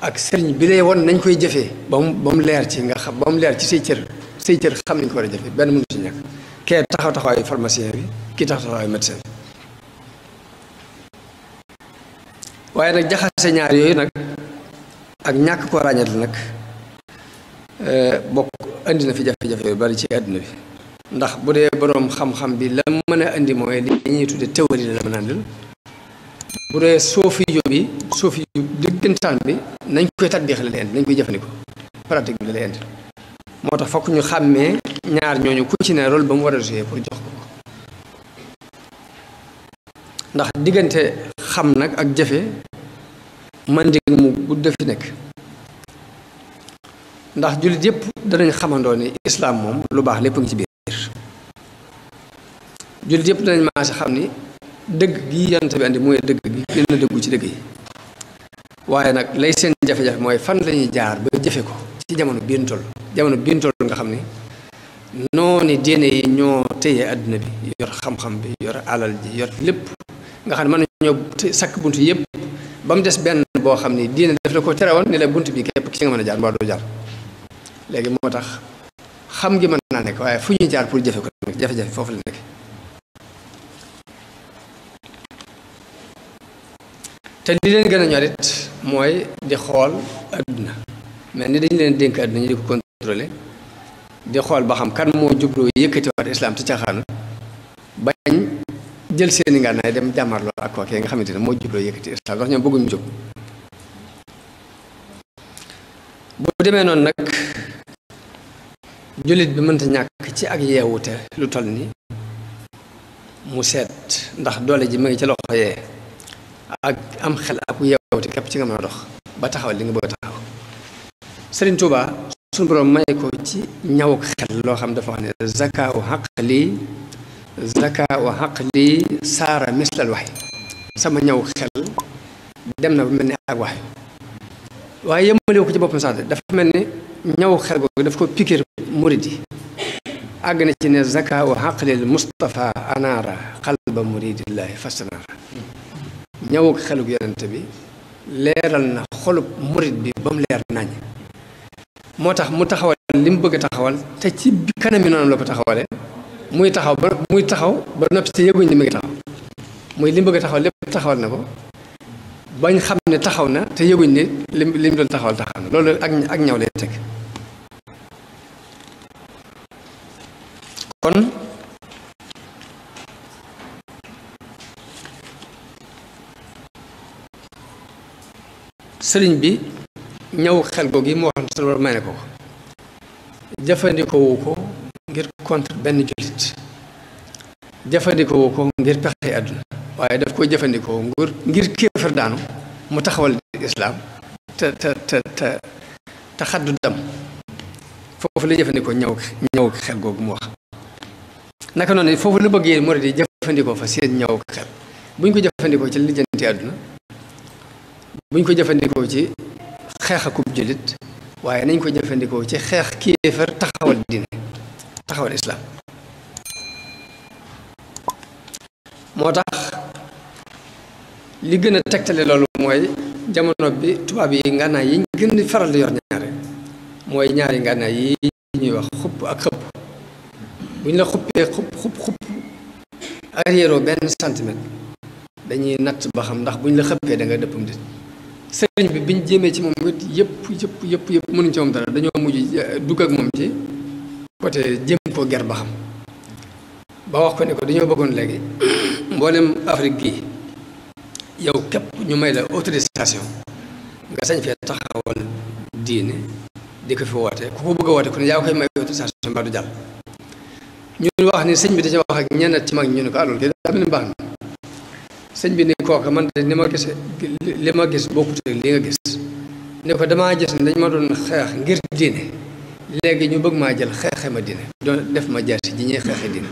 ak sëriñ bi lay won nañ koy jëfee ba mu ba mu leer ci nga xam ba mu leer ci say cër say cër xam nañ ko war a jëfee benn mënu ci ñàkk kee taxaw ay pharmacien bi kii taxaw taxawaayu médecin bi waaye nag jaxase ñaar yooyu nag ak ñàkk koo ràññat nag e, bokk indi na fi jafe-jafe yu bari ci àdduna bi ndax bu dee boroom xam-xam bi la mën a indi mooy li ñuy tudde théorie la mën a andil bu dee soofiyu bi soofiyu dëggantaan bi nañ koy tatbiix la leen nañ koy jëfandikoo pratique bi la leen moo tax fokk ñu xàmmee ñaar ñooñu ku ci ne rôle ba mu war a jouer pour jox ko ndax diggante xam nag ak jëfe man dig mu gudd fi nekk ndax jullit yépp danañ xamandoo ni islaam moom lu baax lépp ngi ci biir jullit yépp danañ maase xam ni dëgg gi yonent bi andi mooy dëgg bi gën a dëggu ci dëgg yi waaye nag lay seen jafe-jafe mooy fan lañuy jaar ba jëfe ko ci jamono biin toll jamono biin toll nga xam ne noonu diine yi ñoo téye àdduna bi yor xam-xam bi yor alal ji yor lépp nga xam ne mën nañoo sakk bunt yëpp ba mu des benn boo xam ni diine daf la ko woon ni la bunt bi képp ci nga mën a jaar mbaa doo jaar léegi moo tax xam gi mën naa nekk waaye fu ñuy jaar pour jëfe ko nag jafe-jafe foofu la nekk te li leen gën a ñorit mooy di xool adduna mel ni dañu leen dénk adduna ñu di ko di xool ba xam kan moo jubloo yëkkati waat islam ci caaxaanu bañ jël seeni ngànnaay dem jàmmarloo ak kooku yi nga xamante ne moo jubloo yëkkati islam ndax ñoom bëgguñu jóg bu demee noonu nag jullit bi mënta ñàkk ci ak yeewute lu toll ni mu seet ndax doole ji mu ngi ci loxo yee ak am xel ak yeewte képp ci nga mën a dox ba taxaw li nga bëgg a taxaw Sëriñ Tuuba suñu borom may ko ci ñawuk xel loo xam dafa wax ne zaka u xaq lii zaka u xaq lii saara na ba mel ni ak wax waaye yëmmale ci boppam sax dafa mel ni àgg na ci ne zaka u xaq lil Mustafa anaara qalba ñëwug xelug yonent bi leeral na xolub murit bi ba mu leer nañ moo tax mu taxawal li mu bëgg a taxawal te ci kanam yi noonu la ko taxawale muy taxaw ba muy taxaw ba noppi te yëguñ li mu ngi taxaw muy li mu bëgg a taxawal lépp taxawal na ko bañ xam ne taxaw na te yëguñ ne li li mu doon taxawal taxaw na loolu ak ak ñaw lay teg kon sëriñ bi ñëw xel ko gi moo xam ne sunu ne ko jëfandikoowu ko ngir contre benn jullit jëfandikoowu ko ngir pexe àdduna waaye daf koy jëfandikoo ngir ngir kéefar daanu mu taxawal islaam te te te te te xaddu dam foofu la jëfandikoo ñëw ñëw xel googu mu wax naka noonu foofu la bëggee murid yi jëfandikoo fa seen ñëw xel bu ñu ko jëfandikoo ci lijjanti àdduna buñ ko jëfandikoo ci xeex akub jullit waaye nañ ko jëfandikoo ci xeex kéefër taxawal diine taxawal islaam moo tax li gën a tegtale loolu mooy jamono bi tubaab yi ngànnaay yi gën di faral di yor ñaare mooy ñaari ngànnaay yi ñuy wax xupp ak xëpp bu la xuppee xupp xupp xupp benn centimètre dañuy natt ba xam ndax buñ ñu la xëppee da nga dëppam dit sëriñ bi biñ jéemee ci moom it yëpp yëpp yëpp yëpp mënuñ ci moom dara dañoo mujj eh, dugg ak moom ci côté jéem koo ger ba xam ba wax ko ne ko dañoo bëggoon léegi mboolem Afrique gii yow képp ñu may la autorisation nga sañ fee taxawal diine di ko fi woote ku ko bëgg a woote ku ne yaa koy may autorisation mbaa du jàll ñun wax ni sëñ bi dañoo wax ak ñenn ci mag ñu ne ko alool ah, kii daa mel ni baax sëñ bi ni kooka man de li ma gis li ma gis bokkut ak li nga gis ne ko damaa gis ne dañ ma doon xeex ngir diine léegi ñu bëgg maa jël xeexe ma diine doon def ma jaar si ji ñuy xeexe diine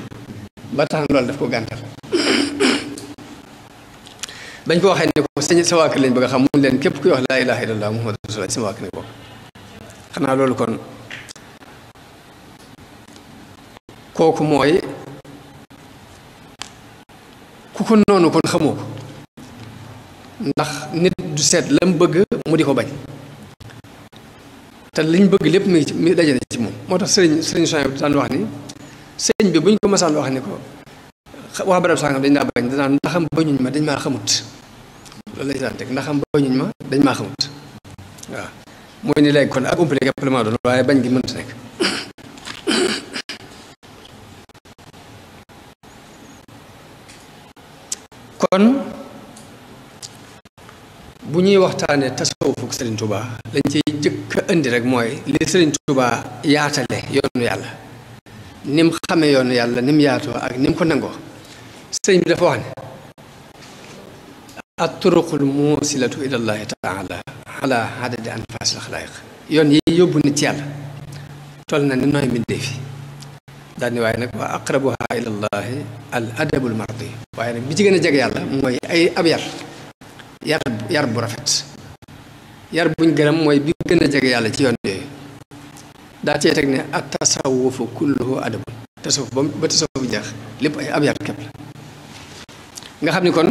ba tax na loolu daf ko gàntal bañ ko waxee ne ko sëñ sa waa kër lañ a xam mun leen képp kuy wax laa ilaha illallah muhammadu rasulullah sama waa kër ne ko xanaa loolu kon kooku mooy ku noonu kon xamoo ko ndax nit du seet la mu bëgg mu di ko bañ te liñ bëgg lépp muy ngi ci mi daje na ci moom moo tax sëriñ sëriñ Sonia daan wax ni sëriñ bi buñ ko ma masaan wax ni ko waa barab sàngam dañ daa bañ danaan ndaxam bañuñ ma dañ maa xamut loolu lay daan teg ndaxam bañuñ ma dañ maa xamut waaw mooy ni léegi kon ak umpale képp la maa doon waaye bañ gi mënut nekk kon bu ñuy waxtaanee tasawuf ak Serigne Touba lañ ci jëkk indi rek mooy li Serigne Touba yaatale yoonu yàlla nim xame xamee yoonu yàlla ni yaatoo ak ni mu ko nangoo sëriñ bi dafa wax ne at turuqul muusilatu ila llahi taala ala adadi anfasil xalaayiq yoon yi yóbbu nit yàlla toll na ni nooy mbindee fi daal waaye nag wa aqrabuha ilallahi al adabul mardi waaye nag bi ci gën a jege yàlla mooy ay ab yar yar yar bu rafet yar buñ gërëm mooy bi gën a jege yàlla ci yoon yooyu daa cee teg ne ak tasawufu kulluhu adabul tasawuf ba ba tasawuf jeex lépp ay ab yar la nga xam ni kon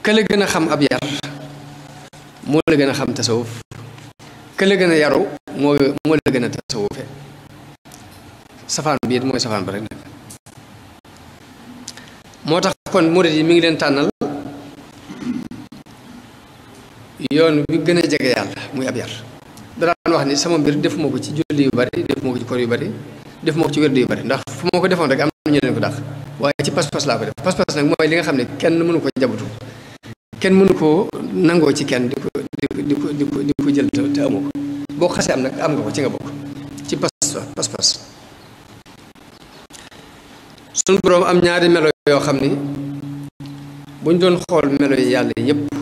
kële gën a xam ab moo la gën a xam tasawuf kële gën a yaru moo moo la gën a tasawufe safaan bi it mooy safaan ba rek nag moo tax kon murid yi mi ngi leen tànnal yoon bi gën a jege yàlla muy ab yar daan wax ni sama mbir defuma ko ci julli yu bari defuma ko ci kor yu bari defuma ko ci wérdu yu bari ndax fu ma ko defoon rek am na ñu leen ko dàq waaye ci pas-pas laa ko def pas-pas nag mooy li nga xam ne kenn mënu ko jabutu kenn mënu ko nangoo ci kenn di ko di ko di ko di ko jël te amoo ko boo xasee am nag am nga ko ci nga bokk ci pas-pas pas suñ boroom am ñaari melo yoo xam ni buñ doon xool melo yi yàlla yépp